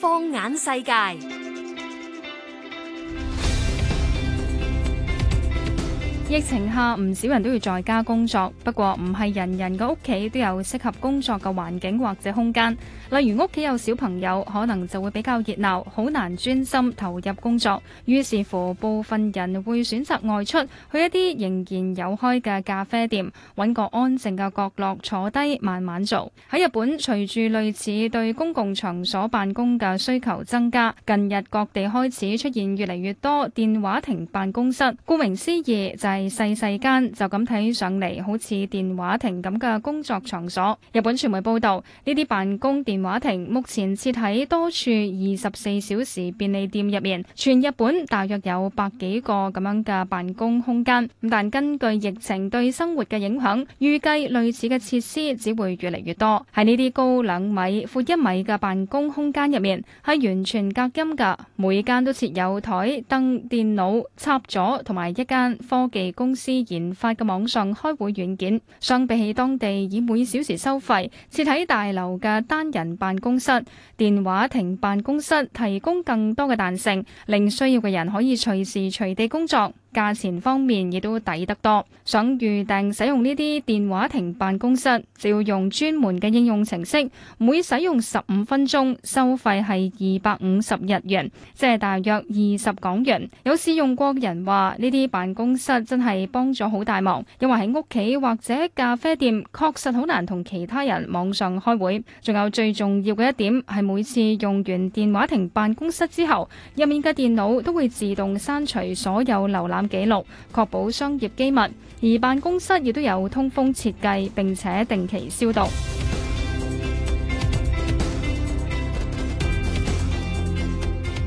放眼世界。疫情下唔少人都要在家工作，不過唔係人人嘅屋企都有適合工作嘅環境或者空間，例如屋企有小朋友，可能就會比較熱鬧，好難專心投入工作。於是乎，部分人會選擇外出，去一啲仍然有開嘅咖啡店，揾個安靜嘅角落坐低，慢慢做。喺日本，隨住類似對公共場所辦公嘅需求增加，近日各地開始出現越嚟越多電話亭辦公室。顧名思義，就係、是。細細間就咁睇上嚟，好似電話亭咁嘅工作場所。日本傳媒報道，呢啲辦公電話亭目前設喺多處二十四小時便利店入面，全日本大約有百幾個咁樣嘅辦公空間。咁但根據疫情對生活嘅影響，預計類似嘅設施只會越嚟越多。喺呢啲高兩米、闊一米嘅辦公空間入面，係完全隔音噶每間都設有台燈、電腦、插座，同埋一間科技公司研發嘅網上開會軟件，相比起當地以每小時收費、設喺大樓嘅單人辦公室、電話亭辦公室，提供更多嘅彈性，令需要嘅人可以隨時隨地工作。價錢方面亦都抵得多，想預訂使用呢啲電話亭辦公室，就要用專門嘅應用程式。每使用十五分鐘，收費係二百五十日元，即係大約二十港元。有使用過嘅人話呢啲辦公室真係幫咗好大忙，因為喺屋企或者咖啡店，確實好難同其他人網上開會，仲有最重要嘅一點，係每次用完電話亭辦公室之後，入面嘅電腦都會自動刪除所有瀏覽。記錄，確保商業機密，而辦公室亦都有通風設計，並且定期消毒。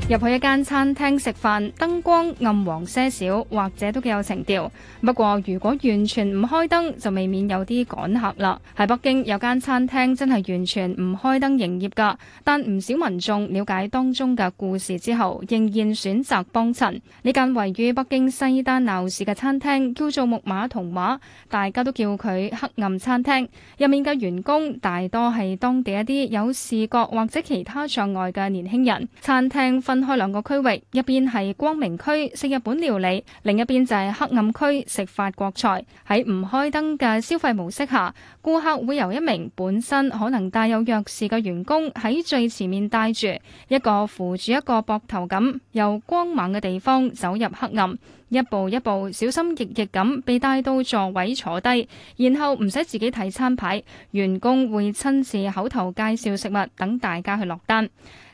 入去一間餐廳食飯，燈光暗黃些少，或者都幾有情調。不過如果完全唔開燈，就未免有啲趕客啦。喺北京有間餐廳真係完全唔開燈營業噶，但唔少民眾了解當中嘅故事之後，仍然選擇幫襯。呢間位於北京西單鬧市嘅餐廳叫做木馬童話，大家都叫佢黑暗餐廳。入面嘅員工大多係當地一啲有視覺或者其他障礙嘅年輕人。餐廳分分開兩個區域，一邊係光明區食日本料理，另一邊就係黑暗區食法國菜。喺唔開燈嘅消費模式下，顧客會由一名本身可能帶有弱視嘅員工喺最前面帶住，一個扶住一個膊頭咁由光猛嘅地方走入黑暗，一步一步小心翼翼咁被帶到座位坐低，然後唔使自己睇餐牌，員工會親自口頭介紹食物，等大家去落單。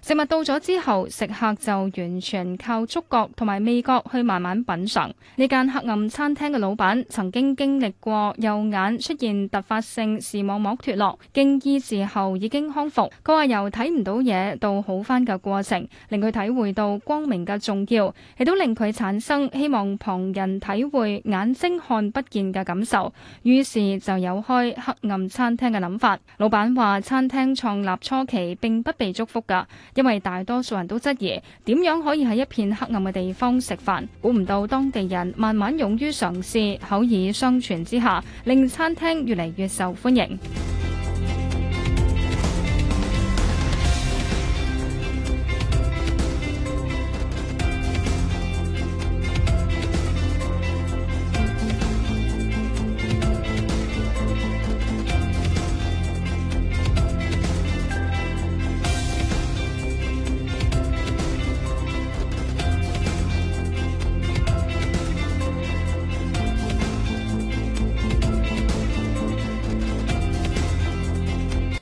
食物到咗之後，食客就完全靠觸覺同埋味覺去慢慢品嚐。呢間黑暗餐廳嘅老闆曾經經歷過右眼出現突發性視網膜脫落，經醫治後已經康復。佢話由睇唔到嘢到好返嘅過程，令佢體會到光明嘅重要，亦都令佢產生希望旁人體會眼睛看不見嘅感受。於是就有開黑暗餐廳嘅諗法。老闆話，餐廳創立初期並不被祝福㗎。因為大多數人都質疑點樣可以喺一片黑暗嘅地方食飯，估唔到當地人慢慢勇於嘗試，口耳相傳之下，令餐廳越嚟越受歡迎。